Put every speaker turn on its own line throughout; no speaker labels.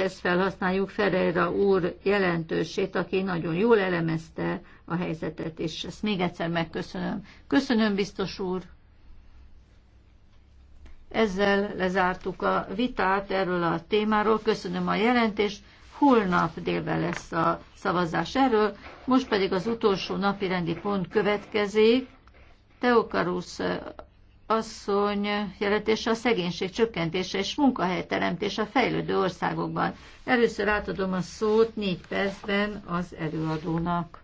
ehhez felhasználjuk Ferreira úr jelentősét, aki nagyon jól elemezte a helyzetet, és ezt még egyszer megköszönöm. Köszönöm, biztos úr! Ezzel lezártuk a vitát erről a témáról. Köszönöm a jelentést. Holnap délben lesz a szavazás erről. Most pedig az utolsó napi rendi pont következik. Teokarusz asszony jelentése a szegénység csökkentése és munkahelyteremtés a fejlődő országokban. Először átadom a szót négy percben az előadónak.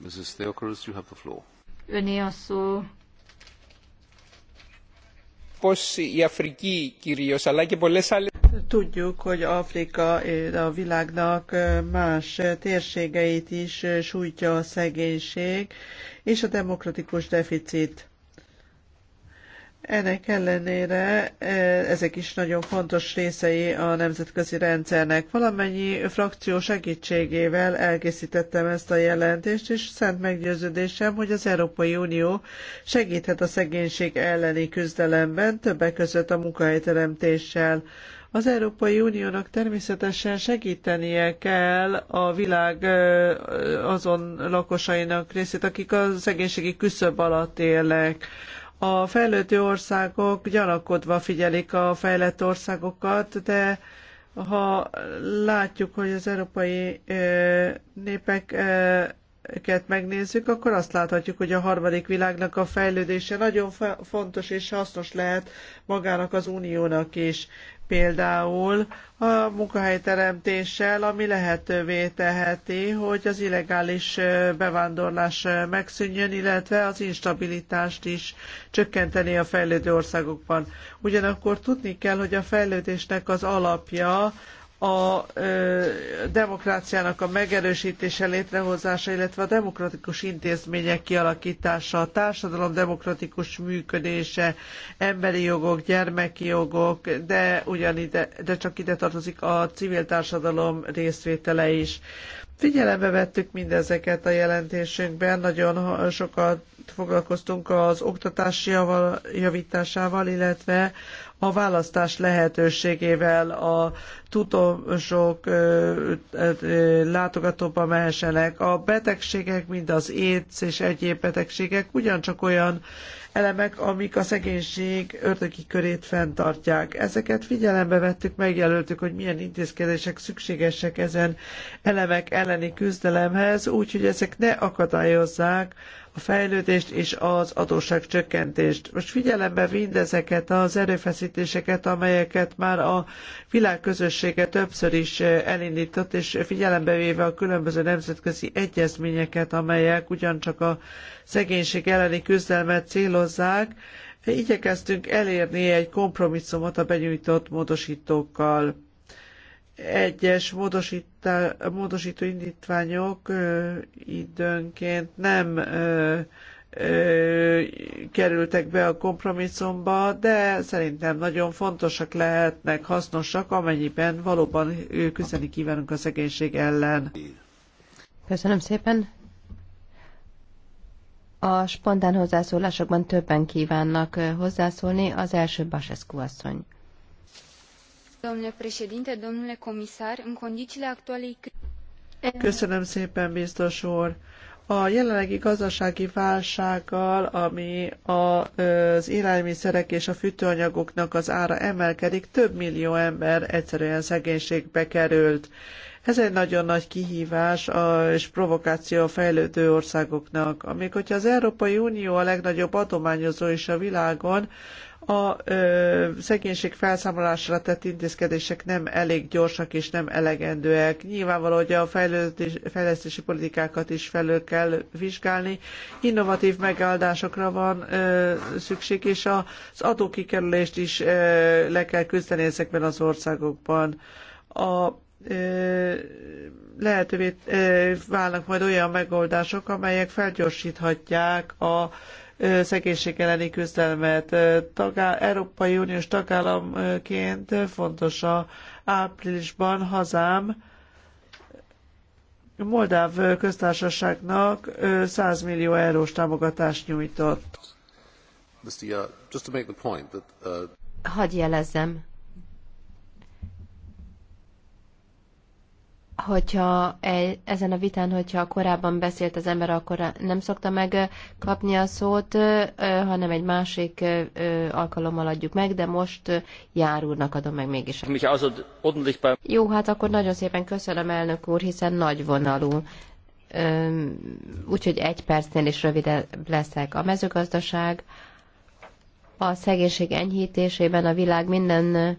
Mrs. Theocarus, you have the floor.
Öné a szó.
Tudjuk, hogy Afrika eh, a világnak eh, más eh, térségeit is sújtja a szegénység és a demokratikus deficit ennek ellenére e, ezek is nagyon fontos részei a nemzetközi rendszernek. Valamennyi frakció segítségével elkészítettem ezt a jelentést, és szent meggyőződésem, hogy az Európai Unió segíthet a szegénység elleni küzdelemben, többek között a munkahelyteremtéssel. Az Európai Uniónak természetesen segítenie kell a világ e, azon lakosainak részét, akik a szegénységi küszöb alatt élnek a fejlődő országok gyanakodva figyelik a fejlett országokat, de ha látjuk, hogy az európai népek megnézzük, akkor azt láthatjuk, hogy a harmadik világnak a fejlődése nagyon fontos és hasznos lehet magának az uniónak is. Például a munkahelyteremtéssel, ami lehetővé teheti, hogy az illegális bevándorlás megszűnjön, illetve az instabilitást is csökkenteni a fejlődő országokban. Ugyanakkor tudni kell, hogy a fejlődésnek az alapja a ö, demokráciának a megerősítése, létrehozása, illetve a demokratikus intézmények kialakítása, a társadalom demokratikus működése, emberi jogok, gyermeki jogok, de, ugyanide, de csak ide tartozik a civil társadalom részvétele is. Figyelembe vettük mindezeket a jelentésünkben, nagyon sokat foglalkoztunk az oktatási javításával, illetve a választás lehetőségével a tudósok látogatóba mehessenek. A betegségek, mind az AIDS és egyéb betegségek ugyancsak olyan elemek, amik a szegénység ördögi körét fenntartják. Ezeket figyelembe vettük, megjelöltük, hogy milyen intézkedések szükségesek ezen elemek elleni küzdelemhez, úgyhogy ezek ne akadályozzák a fejlődést és az adósság csökkentést. Most figyelembe ezeket az erőfeszítéseket, amelyeket már a világközössége többször is eh, elindított, és figyelembe véve a különböző nemzetközi egyezményeket, amelyek ugyancsak a szegénység elleni küzdelmet célozzák, igyekeztünk elérni egy kompromisszumot a benyújtott módosítókkal egyes módosító indítványok időnként nem kerültek be a kompromisszumba, de szerintem nagyon fontosak lehetnek, hasznosak, amennyiben valóban küzdeni kívánunk a szegénység ellen. Köszönöm szépen.
A spontán hozzászólásokban többen kívánnak hozzászólni. Az első Basescu asszony în condițiile actualei
crizei szépen, A jelenlegi gazdasági válsággal, ami az élelmiszerek és a fűtőanyagoknak az ára emelkedik, több millió ember egyszerűen szegénységbe került. Ez egy nagyon nagy kihívás és provokáció a fejlődő országoknak. Amíg hogyha az Európai Unió a legnagyobb adományozó is a világon, a ö, szegénység felszámolásra tett intézkedések nem elég gyorsak és nem elegendőek. Nyilvánvaló, hogy a fejlesztési politikákat is felül kell vizsgálni. Innovatív megoldásokra van ö, szükség, és az adókikerülést is ö, le kell küzdeni ezekben az országokban. A lehetővé válnak majd olyan megoldások, amelyek felgyorsíthatják a szegénység elleni küzdelmet. Tagá- Európai Uniós tagállamként fontos a áprilisban hazám Moldáv köztársaságnak 100 millió eurós támogatást nyújtott. just to make the point that, uh, Hadd jelezzem,
hogyha egy, ezen a vitán, hogyha korábban beszélt az ember, akkor nem szokta megkapni a szót, hanem egy másik alkalommal adjuk meg, de most jár úrnak adom meg mégis. Jó, hát akkor nagyon szépen köszönöm, elnök úr, hiszen nagy vonalú. Úgyhogy egy percnél is rövidebb leszek. A mezőgazdaság a szegénység enyhítésében a világ minden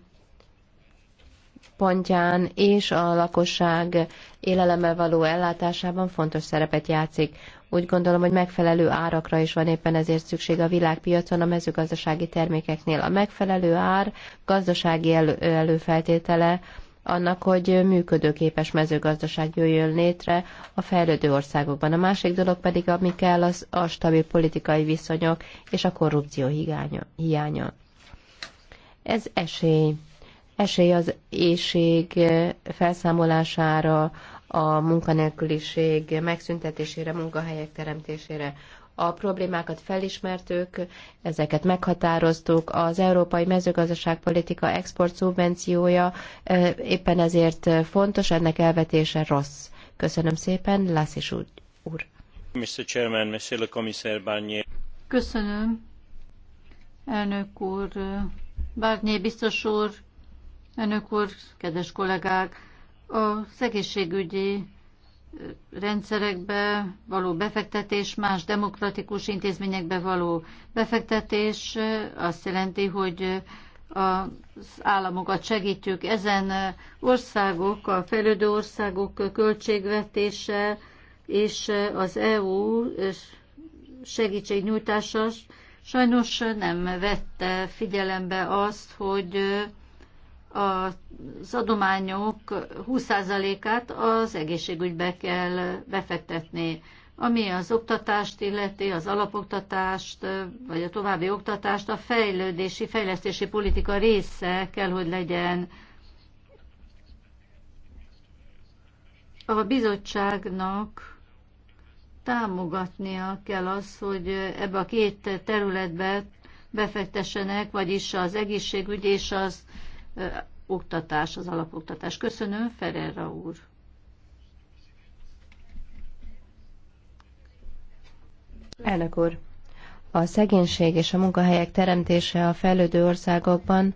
pontján és a lakosság élelemmel való ellátásában fontos szerepet játszik. Úgy gondolom, hogy megfelelő árakra is van éppen ezért szükség a világpiacon a mezőgazdasági termékeknél. A megfelelő ár gazdasági elő- előfeltétele annak, hogy működőképes mezőgazdaság jöjjön létre a fejlődő országokban. A másik dolog pedig, ami kell, az a stabil politikai viszonyok és a korrupció hiánya. Ez esély esély az éjség felszámolására, a munkanélküliség megszüntetésére, munkahelyek teremtésére. A problémákat felismertük, ezeket meghatároztuk. Az európai mezőgazdaságpolitika export szubvenciója éppen ezért fontos, ennek elvetése rossz. Köszönöm szépen, Lászis úr. Mr. Chairman, Monsieur le Commissaire Barnier.
Köszönöm, elnök úr. Barnier biztos úr, Önök úr, kedves kollégák, a szegészségügyi rendszerekbe való befektetés, más demokratikus intézményekbe való befektetés azt jelenti, hogy az államokat segítjük. Ezen országok, a fejlődő országok költségvetése és az EU segítségnyújtása sajnos nem vette figyelembe azt, hogy az adományok 20%-át az egészségügybe kell befektetni. Ami az oktatást illeti, az alapoktatást, vagy a további oktatást, a fejlődési, fejlesztési politika része kell, hogy legyen. A bizottságnak támogatnia kell az, hogy ebbe a két területbe befektessenek, vagyis az egészségügy és az oktatás, az alapoktatás. Köszönöm, Ferreira úr.
Elnök úr, a szegénység és a munkahelyek teremtése a fejlődő országokban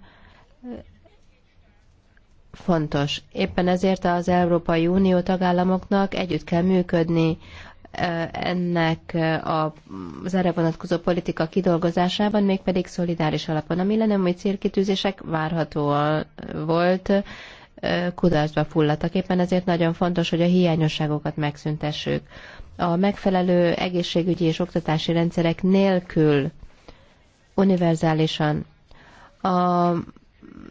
fontos. Éppen ezért az Európai Unió tagállamoknak együtt kell működni ennek a, az erre vonatkozó politika kidolgozásában, mégpedig szolidáris alapon. A hogy célkitűzések várható volt, kudarcba fulladtak. Éppen ezért nagyon fontos, hogy a hiányosságokat megszüntessük. A megfelelő egészségügyi és oktatási rendszerek nélkül univerzálisan a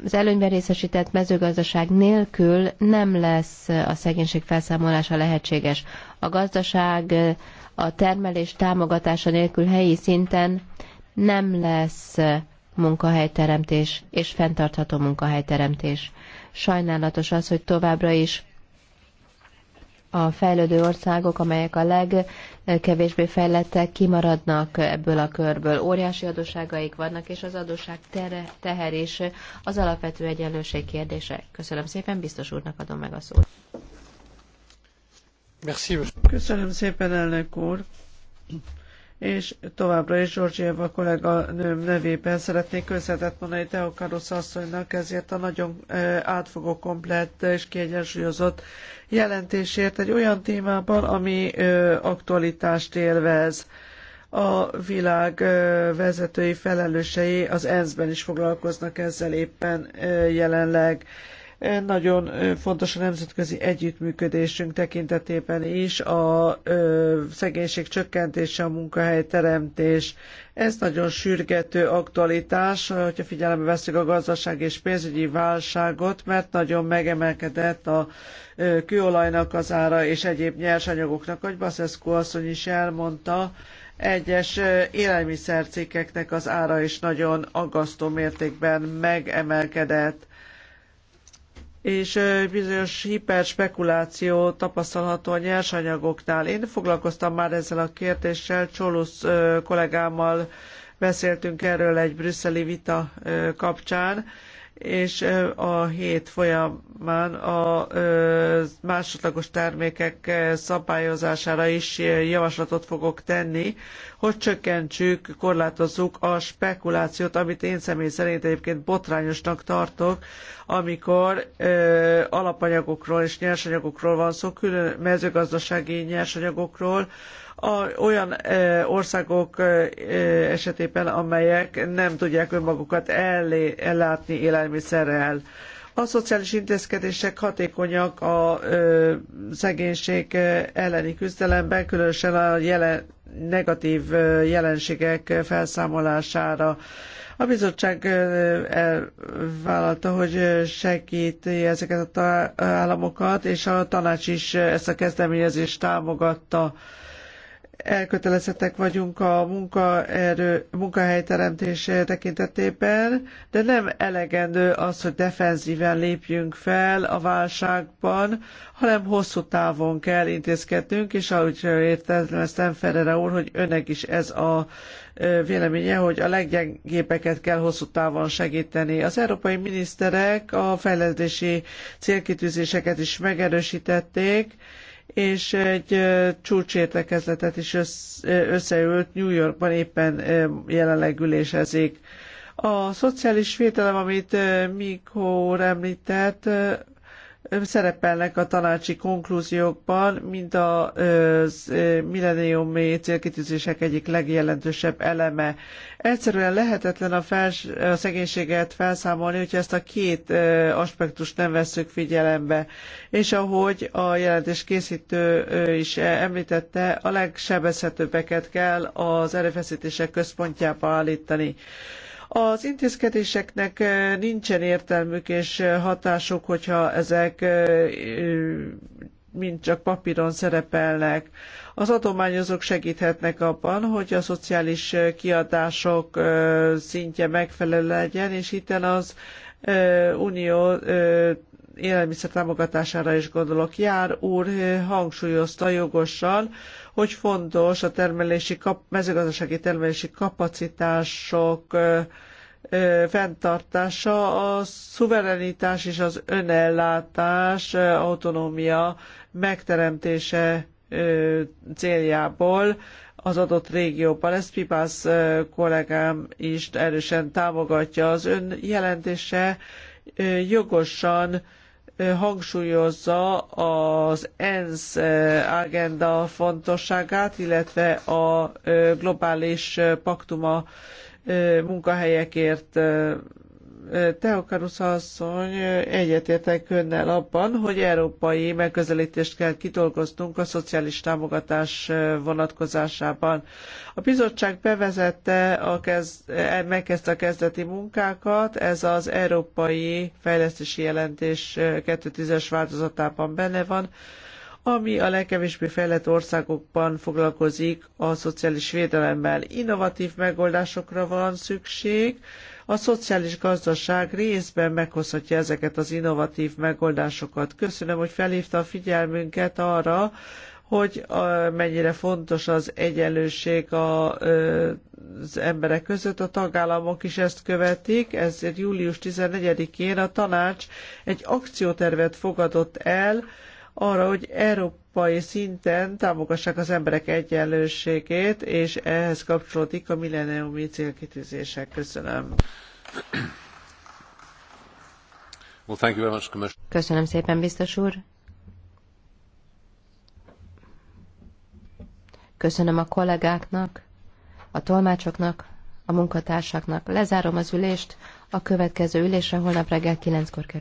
az előnyben részesített mezőgazdaság nélkül nem lesz a szegénység felszámolása lehetséges. A gazdaság a termelés támogatása nélkül helyi szinten nem lesz munkahelyteremtés és fenntartható munkahelyteremtés. Sajnálatos az, hogy továbbra is a fejlődő országok, amelyek a legkevésbé fejlettek, kimaradnak ebből a körből. Óriási adósságaik vannak, és az adósság tere, teher az alapvető egyenlőség kérdése. Köszönöm szépen, biztos
úrnak adom meg a szót. Köszönöm szépen, elnök úr és továbbra is Georgieva kollega nőm nevében szeretnék köszönetet mondani Teokarusz asszonynak ezért a nagyon átfogó, komplett és kiegyensúlyozott jelentésért egy olyan témában, ami aktualitást élvez a világ vezetői felelősei az ENSZ-ben is foglalkoznak ezzel éppen jelenleg. Nagyon fontos a nemzetközi együttműködésünk tekintetében is a szegénység csökkentése, a munkahelyteremtés. Ez nagyon sürgető aktualitás, hogyha figyelembe veszük a gazdaság és pénzügyi válságot, mert nagyon megemelkedett a kőolajnak az ára és egyéb nyersanyagoknak, ahogy Baszeszko asszony is elmondta, egyes élelmiszercikkeknek az ára is nagyon aggasztó mértékben megemelkedett és bizonyos hiperspekuláció tapasztalható a nyersanyagoknál. Én foglalkoztam már ezzel a kérdéssel, Csolusz kollégámmal beszéltünk erről egy brüsszeli vita kapcsán, és a hét folyamán a másodlagos termékek szabályozására is javaslatot fogok tenni, hogy csökkentsük, korlátozzuk a spekulációt, amit én személy szerint egyébként botrányosnak tartok, amikor alapanyagokról és nyersanyagokról van szó, külön mezőgazdasági nyersanyagokról, a, olyan országok esetében, amelyek nem tudják önmagukat ellé, ellátni élelmiszerrel. A szociális intézkedések hatékonyak a ö, szegénység elleni küzdelemben, különösen a jelen, negatív jelenségek felszámolására. A bizottság elvállalta, hogy segíti ezeket a államokat, és a tanács is ezt a kezdeményezést támogatta elkötelezettek vagyunk a munkaerő, munkahelyteremtés tekintetében, de nem elegendő az, hogy defenzíven lépjünk fel a válságban, hanem hosszú távon kell intézkednünk, és ahogy értelmeztem Ferrera úr, hogy önnek is ez a véleménye, hogy a leggyengébbeket kell hosszú távon segíteni. Az európai miniszterek a fejlesztési célkitűzéseket is megerősítették, és egy csúcsértekezletet is összeült New Yorkban éppen jelenleg ülésezik. A szociális védelem, amit Mikó említett, szerepelnek a tanácsi konklúziókban, mint a milleniumi célkitűzések egyik legjelentősebb eleme. Egyszerűen lehetetlen a, fels, a szegénységet felszámolni, hogyha ezt a két aspektust nem vesszük figyelembe. És ahogy a jelentés készítő is e, említette, a legsebezhetőbbeket kell az erőfeszítések központjába állítani. Az intézkedéseknek nincsen értelmük és hatásuk, hogyha ezek mind csak papíron szerepelnek. Az adományozók segíthetnek abban, hogy a szociális kiadások szintje megfelelő legyen, és itt az unió élelmiszer támogatására is gondolok. Jár úr hangsúlyozta jogosan, hogy fontos a termelési kap, mezőgazdasági termelési kapacitások fenntartása, a szuverenitás és az önellátás, autonómia megteremtése céljából az adott régióban. Ezt Pipász kollégám is erősen támogatja. Az ön jelentése jogosan hangsúlyozza az ENSZ agenda fontosságát, illetve a globális paktuma munkahelyekért Teokarusz asszony, egyetértek önnel abban, hogy európai megközelítést kell kidolgoznunk a szociális támogatás vonatkozásában. A bizottság bevezette, a kezd, e, megkezdte a kezdeti munkákat, ez az európai fejlesztési jelentés 2010-es változatában benne van, ami a legkevésbé fejlett országokban foglalkozik a szociális védelemmel. Innovatív megoldásokra van szükség, a szociális gazdaság részben meghozhatja ezeket az innovatív megoldásokat. Köszönöm, hogy felhívta a figyelmünket arra, hogy mennyire fontos az egyenlőség a, az emberek között. A tagállamok is ezt követik, ezért július 14-én a tanács egy akciótervet fogadott el, arra, hogy európai szinten támogassák az emberek egyenlőségét, és ehhez kapcsolódik a milleniumi célkitűzések. Köszönöm. Köszönöm szépen,
biztos úr. Köszönöm a kollégáknak, a tolmácsoknak, a munkatársaknak. Lezárom az ülést, a következő ülésre holnap reggel 9-kor kerül.